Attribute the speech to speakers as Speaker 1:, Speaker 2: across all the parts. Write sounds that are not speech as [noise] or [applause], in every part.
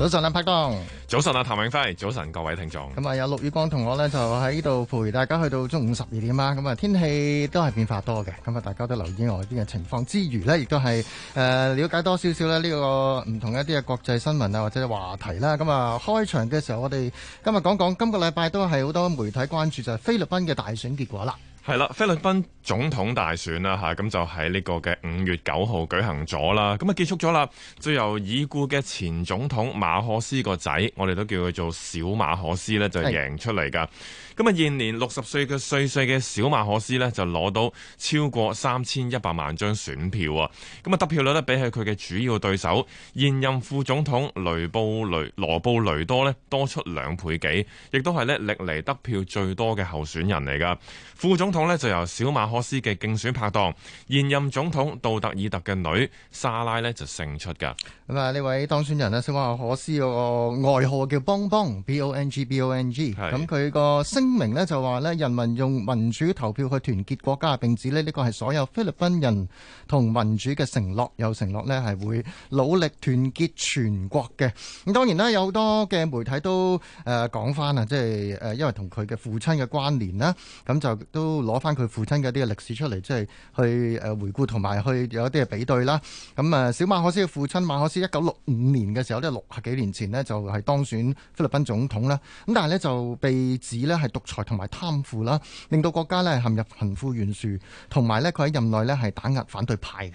Speaker 1: 早晨啊，拍檔，早晨啊，譚永輝，早晨各位聽眾。
Speaker 2: 咁啊，有陸宇光同我咧，就喺呢度陪大家去到中午十二點啦。咁啊，天氣都係變化多嘅，咁啊，大家都留意外邊嘅情況之餘呢，亦都係誒、呃、了解多少少咧呢個唔同一啲嘅國際新聞啊或者話題啦。咁啊，開場嘅時候我哋今日講講，今個禮拜都係好多媒體關注就係、是、菲律賓嘅大選結果啦。
Speaker 1: 係啦，菲律賓。總統大選啦嚇，咁就喺呢個嘅五月九號舉行咗啦，咁啊結束咗啦。就由已故嘅前總統馬可斯個仔，我哋都叫佢做小馬可斯呢，就贏出嚟噶。咁啊，現年六十歲嘅歲歲嘅小馬可斯呢，就攞到超過三千一百萬張選票啊！咁啊，得票率呢，比起佢嘅主要對手現任副總統雷布雷羅布雷多呢，多出兩倍幾，亦都係呢歷嚟得票最多嘅候選人嚟噶。副總統呢，就由小馬。可斯嘅競選拍檔，現任總統杜特爾特嘅女莎拉呢就勝出噶。
Speaker 2: 咁啊呢位當選人呢，先話可斯個外號叫邦邦 （Bong Bong）。咁佢個聲明呢，就話咧，人民用民主投票去團結國家，並指咧呢個係所有菲律賓人同民主嘅承諾，有承諾呢係會努力團結全國嘅。咁當然啦，有好多嘅媒體都誒講翻啊，即係誒因為同佢嘅父親嘅關聯啦，咁就都攞翻佢父親嘅啲。嘅歷史出嚟，即係去誒回顧同埋去有一啲嘅比對啦。咁啊，小馬可斯嘅父親馬可斯一九六五年嘅時候，呢六十幾年前呢，就係當選菲律賓總統啦。咁但係呢，就被指呢係獨裁同埋貪腐啦，令到國家呢陷入貧富懸殊，同埋呢，佢喺任內呢係打壓反
Speaker 1: 對派嘅。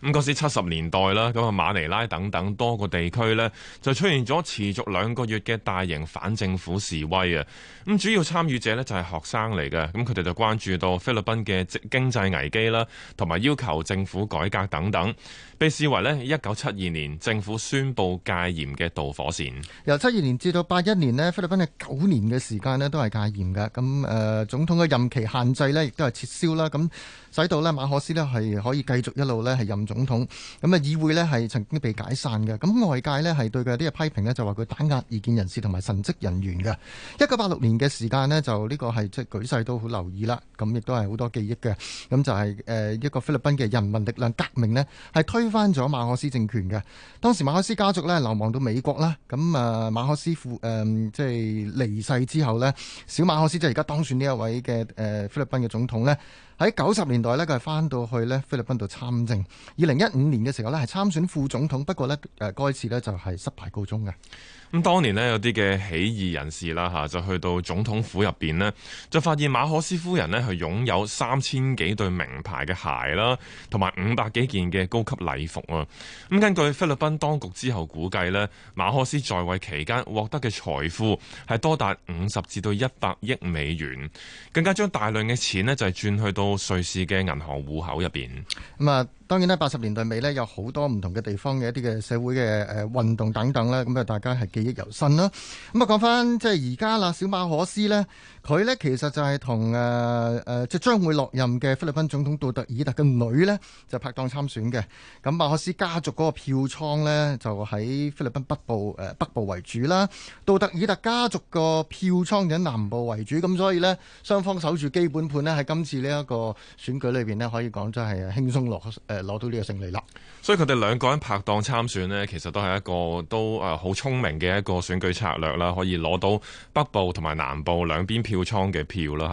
Speaker 1: 咁嗰時七十年代啦，咁啊馬尼拉等等多個地區呢，就出現咗持續兩個月嘅大型反政府示威啊！咁主要參與者呢，就係學生嚟嘅，咁佢哋就關注到菲律賓嘅經濟危機啦，同埋要求政府改革等等，被視為呢，一九七二年政府宣布戒嚴嘅導火綫。
Speaker 2: 由七二年至到八一年呢，菲律賓嘅九年嘅時間呢，都係戒嚴嘅，咁誒總統嘅任期限制呢，亦都係撤銷啦，咁使到呢，馬可斯呢，係可以繼續一路呢。係任總統咁啊，議會呢係曾經被解散嘅，咁外界呢係對佢啲嘅批評呢，就話佢打壓異見人士同埋神職人員嘅。一九八六年嘅時間呢，就呢個係即係舉世都好留意啦，咁亦都係好多記憶嘅。咁就係、是、誒、呃、一個菲律賓嘅人民力量革命呢，係推翻咗馬可斯政權嘅。當時馬可斯家族呢，流亡到美國啦，咁啊馬可斯父誒即係離世之後呢，小馬可斯即係而家當選呢一位嘅誒、呃、菲律賓嘅總統呢，喺九十年代呢，佢係翻到去呢菲律賓度參政。二零一五年嘅時候呢，係參選副總統，不過呢，誒嗰次呢就係失敗告終
Speaker 1: 嘅。咁當年咧，有啲嘅起義人士啦嚇，就去到總統府入邊咧，就發現馬可斯夫人咧，係擁有三千幾對名牌嘅鞋啦，同埋五百幾件嘅高級禮服啊！咁根據菲律賓當局之後估計咧，馬可斯在位期間獲得嘅財富係多達五十至到一百億美元，更加將大量嘅錢咧就係轉去到瑞士嘅銀行戶口入邊、
Speaker 2: 嗯。咁啊！當然啦，八十年代尾呢，有好多唔同嘅地方嘅一啲嘅社會嘅誒運動等等啦。咁啊大家係記憶猶新啦。咁啊講翻即係而家啦，小馬可斯呢。佢咧其實就係同誒誒即將會落任嘅菲律賓總統杜特爾特嘅女咧就拍檔參選嘅。咁馬可斯家族嗰個票倉咧就喺菲律賓北部誒北部為主啦，杜特爾特家族個票倉就喺南部為主。咁所以咧，雙方守住基本盤咧喺今次呢一個選舉裏邊咧，可以講真係輕鬆落誒攞到呢個勝利啦。
Speaker 1: 所以佢哋兩個人拍檔參選咧，其實都係一個都誒好聰明嘅一個選舉策略啦，可以攞到北部同埋南部兩邊票。倉嘅票啦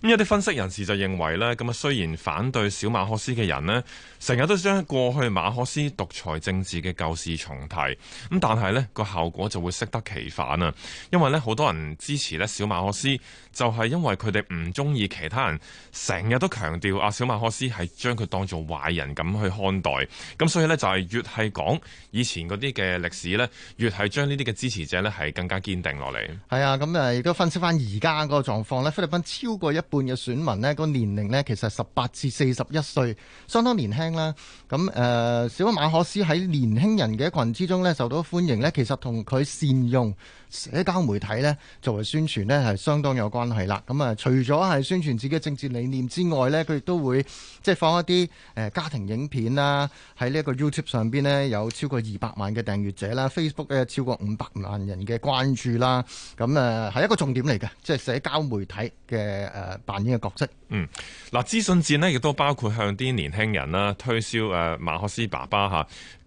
Speaker 1: 吓，咁有啲分析人士就認為呢，咁啊雖然反對小馬克斯嘅人呢，成日都將過去馬可斯獨裁政治嘅舊事重提，咁但係呢個效果就會適得其反啊，因為呢，好多人支持呢小馬可斯，就係、是、因為佢哋唔中意其他人成日都強調啊小馬可斯係將佢當做壞人咁去看待，咁所以呢，就係越係講以前嗰啲嘅歷史呢，越係將呢啲嘅支持者呢係更加堅定落嚟。
Speaker 2: 係啊，咁啊亦都分析翻而家。個狀況呢，菲律賓超過一半嘅選民呢，個年齡呢，其實係十八至四十一歲，相當年輕啦。咁誒、呃，小馬可斯喺年輕人嘅群之中呢，受到歡迎呢，其實同佢善用社交媒體呢，作為宣傳呢係相當有關係啦。咁啊，除咗係宣傳自己嘅政治理念之外呢，佢亦都會即係放一啲誒、呃、家庭影片啦，喺呢一個 YouTube 上邊呢，有超過二百萬嘅訂閱者啦 [laughs] ，Facebook 有超過五百萬人嘅關注啦。咁誒係一個重點嚟嘅，即係寫交媒體嘅誒、呃、扮演嘅角
Speaker 1: 色。嗯，嗱，資訊戰呢，亦都包括向啲年輕人啦、啊、推銷誒、啊、馬可斯爸爸嚇，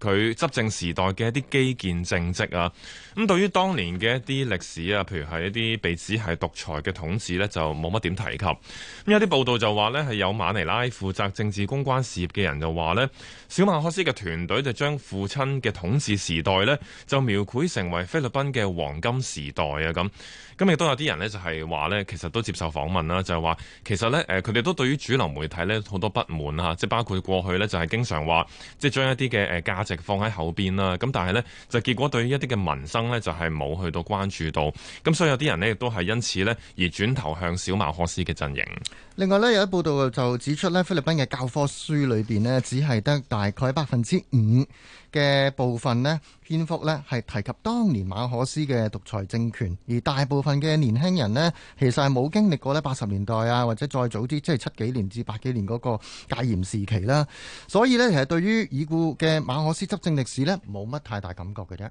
Speaker 1: 佢、啊、執政時代嘅一啲基建政績啊。咁、啊、對、嗯、於當年嘅一啲歷史啊，譬如係一啲被指係獨裁嘅統治呢，就冇乜點提及。咁、嗯、有啲報道就話呢，係有馬尼拉負責政治公關事業嘅人就話呢，小馬可斯嘅團隊就將父親嘅統治時代呢，就描繪成為菲律賓嘅黃金時代啊咁。咁亦、嗯、都有啲人呢，就係話。咧，其實都接受訪問啦，就係話其實咧，誒，佢哋都對於主流媒體咧好多不滿啊，即係包括過去咧就係經常話，即係將一啲嘅誒價值放喺後邊啦。咁但係呢，就結果對於一啲嘅民生呢，就係冇去到關注到。咁所以有啲人呢，亦都係因此呢而轉投向小馬可斯嘅陣營。
Speaker 2: 另外呢，有啲報道就指出呢，菲律賓嘅教科書裏邊呢，只係得大概百分之五嘅部分呢，篇幅呢係提及當年馬可斯嘅獨裁政權，而大部分嘅年輕人呢。其實係冇經歷過咧八十年代啊，或者再早啲，即係七幾年至八幾年嗰個戒嚴時期啦。所以咧，其實對於已故嘅馬可斯執政歷史咧，冇乜太大感覺嘅啫。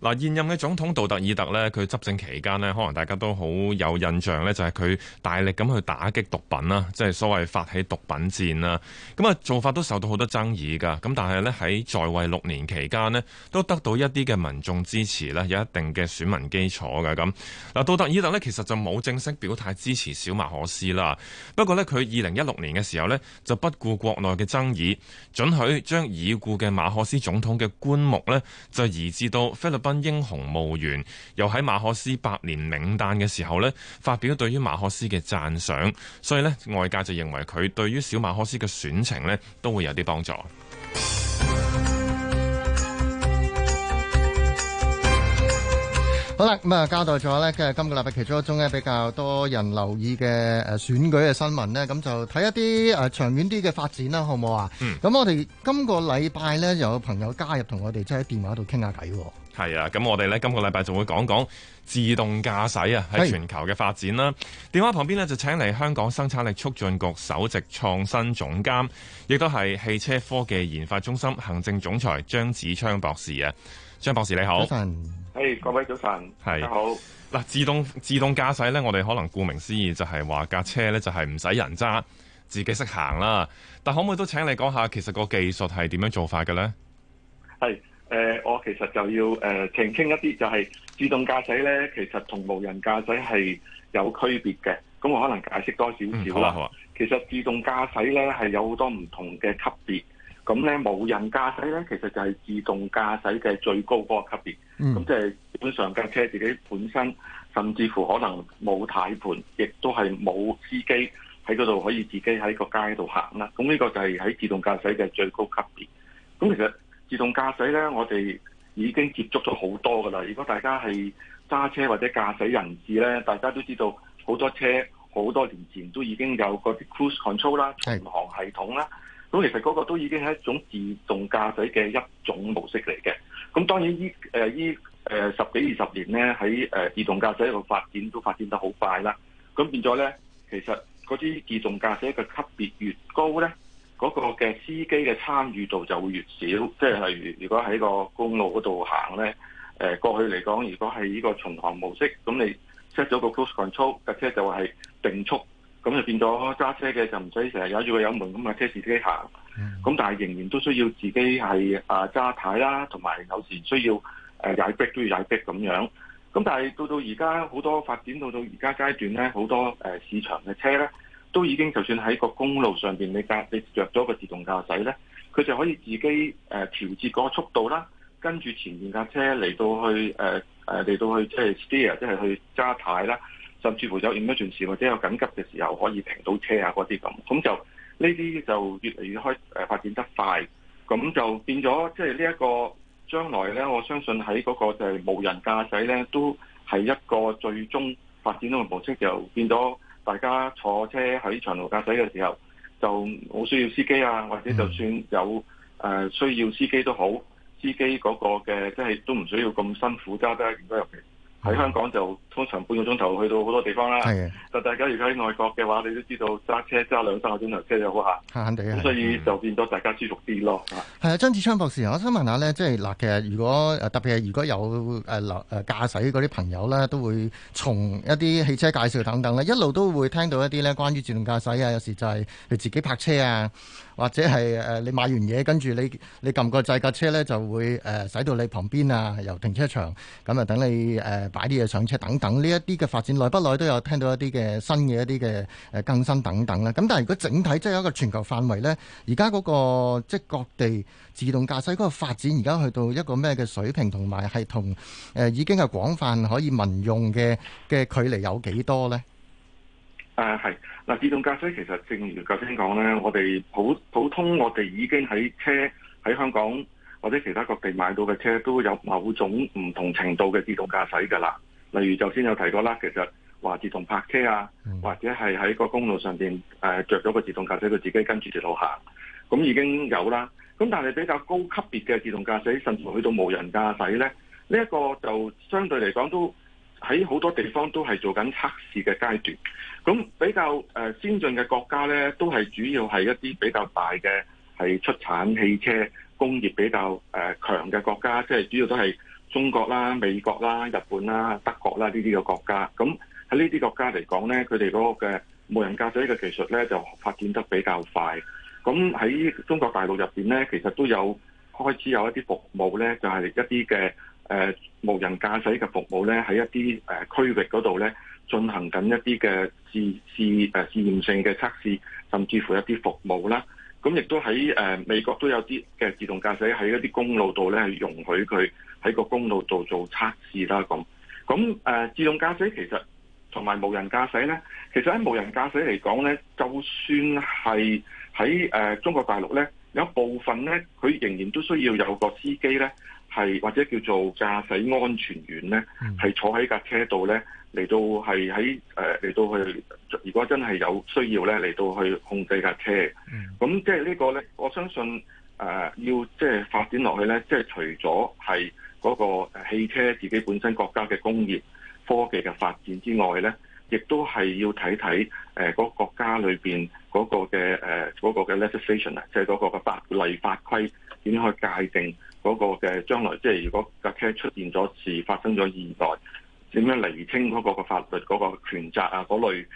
Speaker 1: 嗱，現任嘅總統杜特爾特咧，佢執政期間咧，可能大家都好有印象咧，就係佢大力咁去打擊毒品啦，即係所謂發起毒品戰啦。咁啊做法都受到好多爭議噶。咁但係咧喺在位六年期間咧，都得到一啲嘅民眾支持啦，有一定嘅選民基礎嘅。咁嗱，杜特爾特咧其實就冇正式表態支持小馬可斯啦。不過咧，佢二零一六年嘅時候咧，就不顧國內嘅爭議，準許將已故嘅馬可斯總統嘅棺木咧，就移至到菲律賓英雄墓園，又喺馬可斯百年冥誕嘅時候咧，發表對於馬可斯嘅讚賞，所以咧，外界就認為佢對於小馬可斯嘅選情咧，都會有啲幫助。
Speaker 2: 好啦，咁、嗯、啊，交代咗咧，今日今個禮拜其中一宗咧比較多人留意嘅、誒選舉嘅新聞呢，咁就睇一啲誒、呃、長遠啲嘅發展啦，好唔好啊？嗯。咁我哋今個禮拜呢，有朋友加入同我哋即係喺電話度傾下偈。
Speaker 1: 係啊，咁、啊、我哋呢，今個禮拜仲會講講自動駕駛啊，喺全球嘅發展啦、啊。電話旁邊呢，就請嚟香港生產力促進局首席創新總監，亦都係汽車科技研發中心行政總裁張梓昌博士啊。張博士你好。
Speaker 3: 誒、hey，各位早晨，大
Speaker 1: 家好。嗱，自動自動駕駛咧，我哋可能顧名思義就係話架車咧就係唔使人揸，自己識行啦。但可唔可以都請你講下，其實個技術係點樣做法嘅咧？
Speaker 3: 係誒、呃，我其實就要誒、呃、澄清一啲、就係，就係自動駕駛咧，其實同無人駕駛係有區別嘅。咁我可能解釋多少少啦。好啊，其實自動駕駛咧係有好多唔同嘅級別。咁咧，無人駕駛咧，其實就係自動駕駛嘅最高嗰個級別。咁即係基本上架車自己本身，甚至乎可能冇軚盤，亦都係冇司機喺嗰度，可以自己喺個街度行啦。咁呢個就係喺自動駕駛嘅最高級別。咁其實自動駕駛咧，我哋已經接觸咗好多噶啦。如果大家係揸車或者駕駛人士咧，大家都知道好多車好多年前都已經有嗰啲 cruise control 啦、巡航系統啦。咁其實嗰個都已經係一種自動駕駛嘅一種模式嚟嘅。咁當然呢誒十幾二十年咧，喺誒自動駕駛個發展都發展得好快啦。咁變咗咧，其實嗰啲自動駕駛嘅級別越高咧，嗰個嘅司機嘅參與度就會越少。即係例如，如果喺個公路嗰度行咧，誒過去嚟講，如果係呢個巡航模式，咁你 set 咗個 cruise control 架車就係定速。咁就變咗揸車嘅就唔使成日踩住個油門咁啊，車自己行。咁但係仍然都需要自己係啊揸軚啦，同埋有時需要誒踩迫都要踩迫咁樣。咁但係到到而家好多發展到到而家階段咧，好多誒市場嘅車咧，都已經就算喺個公路上面，你駕你著咗個自動駕駛咧，佢就可以自己誒調節個速度啦，跟住前面架車嚟到去誒誒嚟到去即係 steer 即係去揸軚啦。甚至乎有咁一件事，或者有緊急嘅時候可以停到車啊，嗰啲咁，咁就呢啲就越嚟越開誒發展得快，咁就變咗即係呢一個將來呢，我相信喺嗰個就係無人駕駛呢，都係一個最終發展到嘅模式，就變咗大家坐車喺長途駕駛嘅時候，就冇需要司機啊，或者就算有誒需要司機都好，司機嗰個嘅即係都唔需要咁辛苦揸得入喺香港就通常半個鐘頭去到好多地方啦。係，但係大家如果喺外國嘅話，你都知道揸車揸兩三個鐘頭車就好嚇。係，肯定，所以就變咗大家舒服啲咯。
Speaker 2: 係、嗯、啊，張梓昌博士，我想問下咧，即係嗱其實，如果特別係如果有誒駕駛嗰啲朋友咧，都會從一啲汽車介紹等等咧，一路都會聽到一啲咧關於自動駕駛啊，有時就係佢自己泊車啊。或者係誒你買完嘢，跟住你你撳個掣，架車呢，就會誒駛到你旁邊啊，由停車場咁啊，等你誒擺啲嘢上車等等。呢一啲嘅發展，耐不耐都有聽到一啲嘅新嘅一啲嘅誒更新等等啦。咁但係如果整體即係一個全球範圍呢，而家嗰個即係各地自動駕駛嗰個發展，而家去到一個咩嘅水平，同埋係同誒已經係廣泛可以民用嘅嘅距離有幾多呢？誒、
Speaker 3: 啊、係。嗱，自動駕駛其實，正如頭先講咧，我哋普普通我哋已經喺車喺香港或者其他各地買到嘅車都有某種唔同程度嘅自動駕駛㗎啦。例如，頭先有提過啦，其實話自動泊車啊，嗯、或者係喺個公路上面誒著咗個自動駕駛，佢自己跟住條路行，咁已經有啦。咁但係比較高級別嘅自動駕駛，甚至去到無人駕駛咧，呢、這、一個就相對嚟講都。喺好多地方都係做緊測試嘅階段，咁比較誒先進嘅國家呢，都係主要係一啲比較大嘅係出產汽車工業比較誒強嘅國家，即係主要都係中國啦、美國啦、日本啦、德國啦呢啲嘅國家。咁喺呢啲國家嚟講呢，佢哋嗰個嘅無人駕駛嘅技術呢，就發展得比較快。咁喺中國大陸入邊呢，其實都有開始有一啲服務呢，就係一啲嘅。誒、呃、無人駕駛嘅服務咧，喺一啲誒、呃、區域嗰度咧，進行緊一啲嘅試試誒試驗性嘅測試，甚至乎一啲服務啦。咁亦都喺誒、呃、美國都有啲嘅自動駕駛喺一啲公路度咧，去容許佢喺個公路度做測試啦。咁咁誒自動駕駛其實同埋無人駕駛咧，其實喺無人駕駛嚟講咧，就算係喺誒中國大陸咧，有部分咧，佢仍然都需要有個司機咧。係或者叫做駕駛安全員咧，係、嗯、坐喺架車度咧，嚟到係喺誒嚟到去。如果真係有需要咧，嚟到去控制架車。咁即係呢個咧，我相信誒、呃、要即係發展落去咧，即、就、係、是、除咗係嗰個汽車自己本身國家嘅工業科技嘅發展之外咧，亦都係要睇睇誒嗰個國家裏邊嗰個嘅誒嗰個嘅 legislation 啊，即係嗰個嘅法例法規點樣去界定。嗰、那個嘅將來，即係如果架車出現咗事，發生咗意外，點樣釐清嗰個法律嗰、那個權責啊，嗰類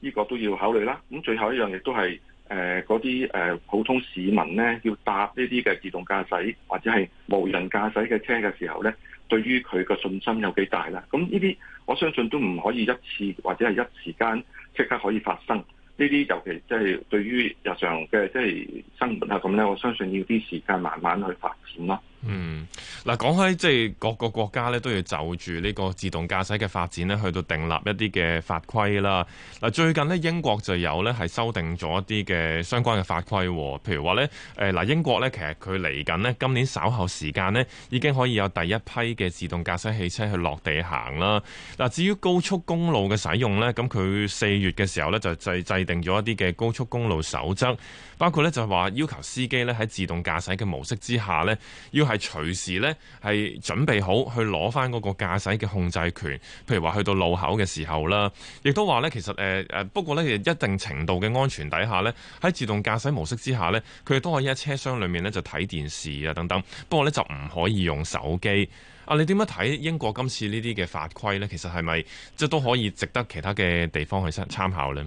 Speaker 3: 呢、這個都要考慮啦。咁最後一樣亦都係誒嗰啲誒普通市民咧，要搭呢啲嘅自動駕駛或者係無人駕駛嘅車嘅時候咧，對於佢個信心有幾大啦？咁呢啲我相信都唔可以一次或者係一時間即刻可以發生。呢啲尤其即係對於日常嘅即係生活啊咁咧，我相信要啲時間慢慢去發展咯。
Speaker 1: 嗯，嗱，講開即係各個國家咧都要就住呢個自動駕駛嘅發展咧，去到訂立一啲嘅法規啦。嗱，最近咧英國就有咧係修訂咗一啲嘅相關嘅法規，譬如話咧，誒，嗱，英國咧其實佢嚟緊咧今年稍後時間咧，已經可以有第一批嘅自動駕駛汽車去落地行啦。嗱，至於高速公路嘅使用咧，咁佢四月嘅時候咧就制制定咗一啲嘅高速公路守則，包括咧就係話要求司機咧喺自動駕駛嘅模式之下咧要係隨時咧，係準備好去攞翻嗰個駕駛嘅控制權。譬如話去到路口嘅時候啦，亦都話咧，其實誒誒，不過咧，一定程度嘅安全底下呢，喺自動駕駛模式之下呢，佢都可以喺車廂裏面呢就睇電視啊等等。不過呢，就唔可以用手機。啊，你點樣睇英國今次呢啲嘅法規呢？其實係咪即都可以值得其他嘅地方去參考呢？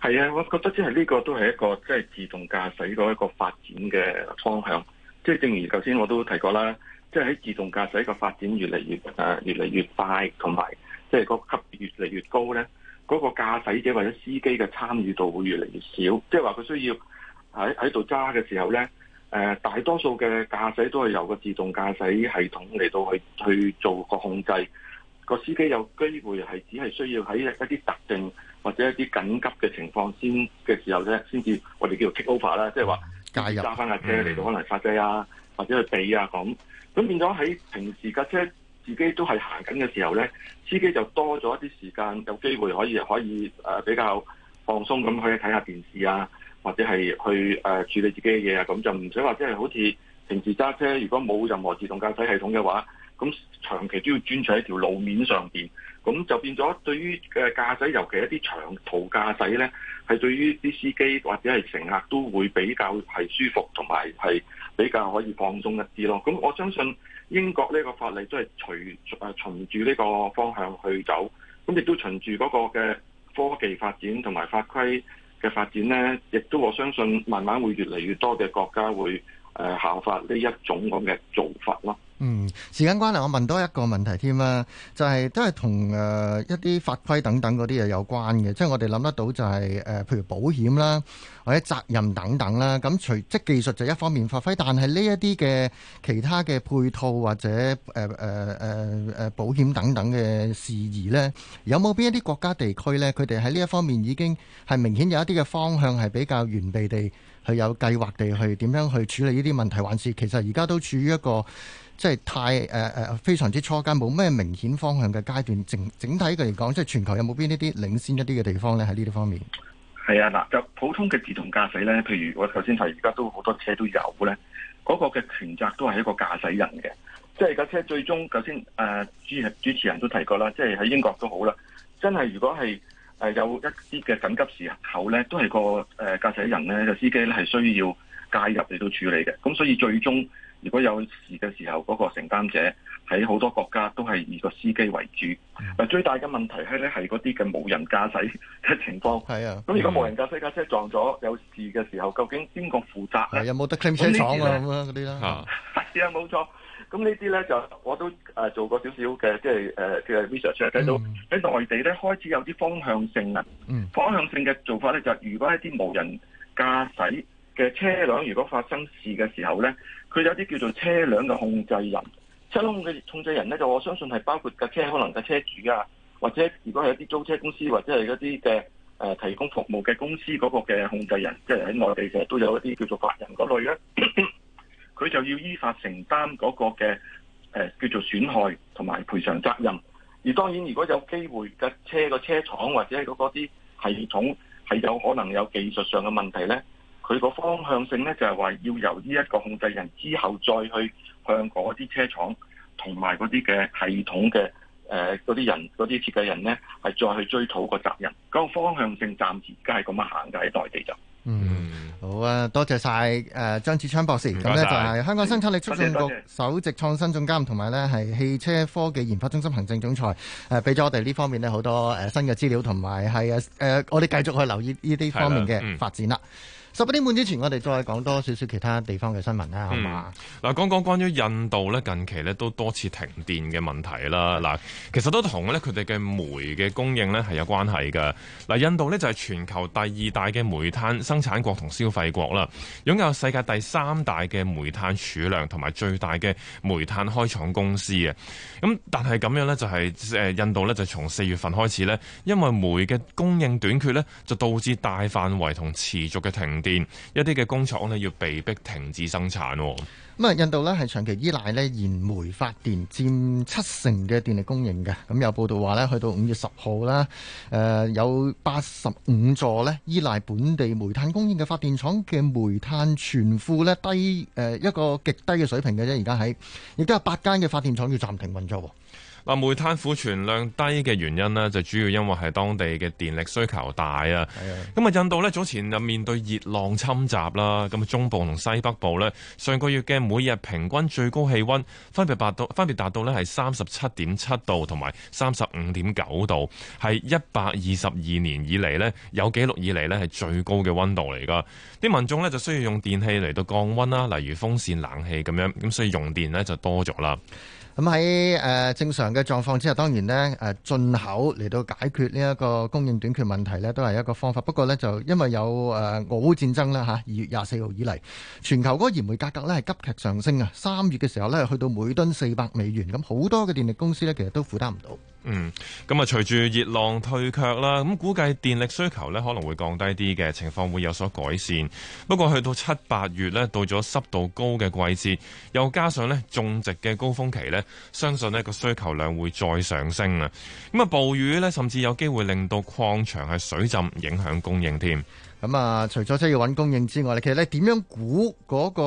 Speaker 1: 係啊，我
Speaker 3: 覺得即係呢個都係一個即係、就是、自動駕駛嗰一個發展嘅方向。即、就、係、是、正如頭先我都提過啦，即係喺自動駕駛個發展越嚟越、啊、越嚟越快，同埋即係嗰級越嚟越高咧，嗰、那個駕駛者或者司機嘅參與度會越嚟越少。即係話佢需要喺喺度揸嘅時候咧、呃，大多數嘅駕駛都係由個自動駕駛系統嚟到去去做個控制。那個司機有機會係只係需要喺一啲特定或者一啲緊急嘅情況先嘅時候咧，先至我哋叫做 kick over 啦，即係話。加入揸翻架車嚟到可能發車啊，或者去避啊咁，咁變咗喺平時架車自己都係行緊嘅時候咧，司機就多咗一啲時間，有機會可以可以誒比較放鬆咁去睇下電視啊，或者係去誒、呃、處理自己嘅嘢啊，咁就唔使話即係好似平時揸車，如果冇任何自動駕駛系統嘅話。咁長期都要專長喺條路面上面，咁就變咗對於嘅駕駛，尤其一啲長途駕駛咧，係對於啲司機或者係乘客都會比較係舒服，同埋係比較可以放鬆一啲咯。咁我相信英國呢個法例都係隨誒隨住呢個方向去走，咁亦都隨住嗰個嘅科技發展同埋法規嘅發展咧，亦都我相信慢慢會越嚟越多嘅國家會誒、呃，效法呢一種咁
Speaker 2: 嘅做法咯。嗯，時間關係，我問多一個問題添啦，就係、是、都係同誒一啲法規等等嗰啲嘢有關嘅，即係我哋諗得到就係、是、誒、呃，譬如保險啦，或者責任等等啦。咁除即技術就一方面發揮，但係呢一啲嘅其他嘅配套或者誒誒誒誒保險等等嘅事宜呢，有冇邊一啲國家地區呢？佢哋喺呢一方面已經係明顯有一啲嘅方向係比較完備地？佢有計劃地去點樣去處理呢啲問題，還是其實而家都處於一個即係太誒、呃、非常之初階，冇咩明顯方向嘅階段。整整體嘅嚟講，即係全球有冇邊一啲領先一啲嘅地方咧？喺呢啲方面，
Speaker 3: 係啊嗱，就普通嘅自動駕駛咧，譬如我頭先提，而家都好多車都有咧，嗰、嗰個嘅權責都係一個駕駛人嘅，即係架車最終，頭先誒主主持人都提過啦，即係喺英國都好啦，真係如果係。係有一啲嘅緊急時候咧，都係個誒、呃、駕駛人咧嘅司機咧，係需要介入嚟到處理嘅。咁所以最終如果有事嘅時候，嗰、嗰個承擔者喺好多國家都係以個司機為主。嗯、最大嘅問題係咧，係嗰啲嘅無人駕駛嘅情況啊。
Speaker 2: 咁如果無人
Speaker 3: 駕駛架車撞咗、嗯、有事嘅時候，究竟邊個負責咧？有冇得 claim 車廠啊？咁樣嗰啲啦。係啊，冇、啊、 [laughs] 錯。咁呢啲咧就我都做過少少嘅即係誒嘅 research 啊，睇到喺內地咧開始有啲方向性啊、嗯，方向性嘅做法咧就是，如果一啲無人駕駛嘅車輛，如果發生事嘅時候咧，佢有啲叫做車輛嘅控制人，車輛嘅控制人咧就我相信係包括架車，可能架車主啊，或者如果係一啲租車公司或者係一啲嘅、呃、提供服務嘅公司嗰個嘅控制人，即係喺內地嘅都有一啲叫做法人嗰類咧。 [coughs] 佢就要依法承擔嗰個嘅誒、呃、叫做損害同埋賠償責任。而當然，如果有機會嘅車個車廠或者嗰啲系統係有可能有技術上嘅問題呢，佢個方向性呢，就係話要由呢一個控制人之後，再去向嗰啲車廠同埋嗰啲嘅系統嘅誒嗰啲人、嗰啲設計人呢，係再去追討個責任。個方向性暫時而家係咁樣行嘅喺內地就。
Speaker 2: 嗯，好啊，多謝晒誒，張、呃、梓昌博士咁，呢謝謝就係、是、香港生產力促進局首席創新總監，同埋呢係汽車科技研發中心行政總裁誒，俾、呃、咗我哋呢方面呢好多誒、呃、新嘅資料，同埋係誒，我哋繼續去留意呢啲方面嘅發展啦。十一點半之前，我哋再講多少少其他地方嘅新
Speaker 1: 聞啦，好嘛？嗱、嗯，講講關於印度咧，近期咧都多次停電嘅問題啦。嗱，其實都同咧佢哋嘅煤嘅供應咧係有關係嘅。嗱，印度咧就係全球第二大嘅煤炭生產國同消費國啦，擁有世界第三大嘅煤炭儲量同埋最大嘅煤炭開採公司嘅。咁但係咁樣呢，就係誒印度咧就從四月份開始呢，因為煤嘅供應短缺呢，就導致大範圍同持續嘅停電。電一啲嘅工廠呢，要被逼停止生產。咁
Speaker 2: 啊，印度呢係長期依賴呢燃煤發電，佔七成嘅電力供應嘅。咁有報道話呢，去到五月十號啦，誒有八十五座呢依賴本地煤炭供應嘅發電廠嘅煤炭存庫呢低誒一個極低嘅水平嘅啫，而家喺亦都有八間嘅發電廠要暫停運作。
Speaker 1: 啊，煤炭庫存量低嘅原因呢，就主要因為係當地嘅電力需求大啊。咁啊，印度呢早前就面對熱浪侵襲啦。咁啊，中部同西北部呢，上個月嘅每日平均最高氣温分別達到分別達到呢係三十七點七度同埋三十五點九度，係一百二十二年以嚟呢有記錄以嚟呢係最高嘅温度嚟㗎。啲民眾呢就需要用電器嚟到降温啦，例如風扇、冷氣咁樣，咁所以用電呢就多咗啦。
Speaker 2: 咁喺誒正常嘅狀況之下，當然呢誒進口嚟到解決呢一個供應短缺問題呢都係一個方法。不過呢，就因為有誒俄烏戰爭啦嚇，二月廿四號以嚟，全球嗰個燃煤價格呢係急劇上升啊！三月嘅時候呢，去到每噸四百美元，咁好多嘅電力公司呢，其實都負擔唔到。
Speaker 1: 嗯，咁啊，隨住熱浪退卻啦，咁估計電力需求咧可能會降低啲嘅情況會有所改善。不過去到七八月咧，到咗濕度高嘅季節，又加上咧種植嘅高峰期咧，相信咧個需求量會再上升啊。咁啊，暴雨咧甚至有機會令到礦場係水浸，影響供應添。
Speaker 2: 咁啊，除咗需要穩供應之外咧，你其實咧點樣估嗰、嗰個？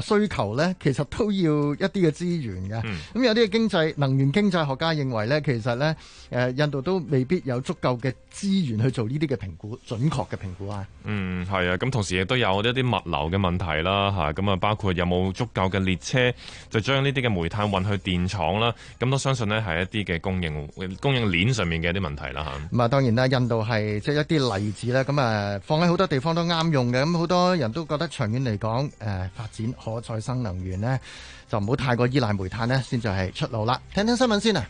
Speaker 2: 需求咧，其實都要一啲嘅資源嘅。咁、嗯、有啲嘅經濟能源經濟學家認為咧，其實咧，誒印度都未必有足夠嘅資源去做呢啲嘅評估，準確嘅評估啊。嗯，
Speaker 1: 係啊。咁同時亦都有一啲物流嘅問題啦，吓，咁啊，包括有冇足夠嘅列車，就將呢啲嘅煤炭運去電廠啦。咁都相信呢係一啲嘅供應供應鏈上面嘅一啲問題啦，吓，
Speaker 2: 咁啊，當然啦，印度係即係一啲例子啦。咁啊，放喺好多地方都啱用嘅。咁好多人都覺得長遠嚟講，誒、呃、發展。可再生能源呢，就唔好太過依賴煤炭呢，先就係出路啦。聽聽新聞先啊。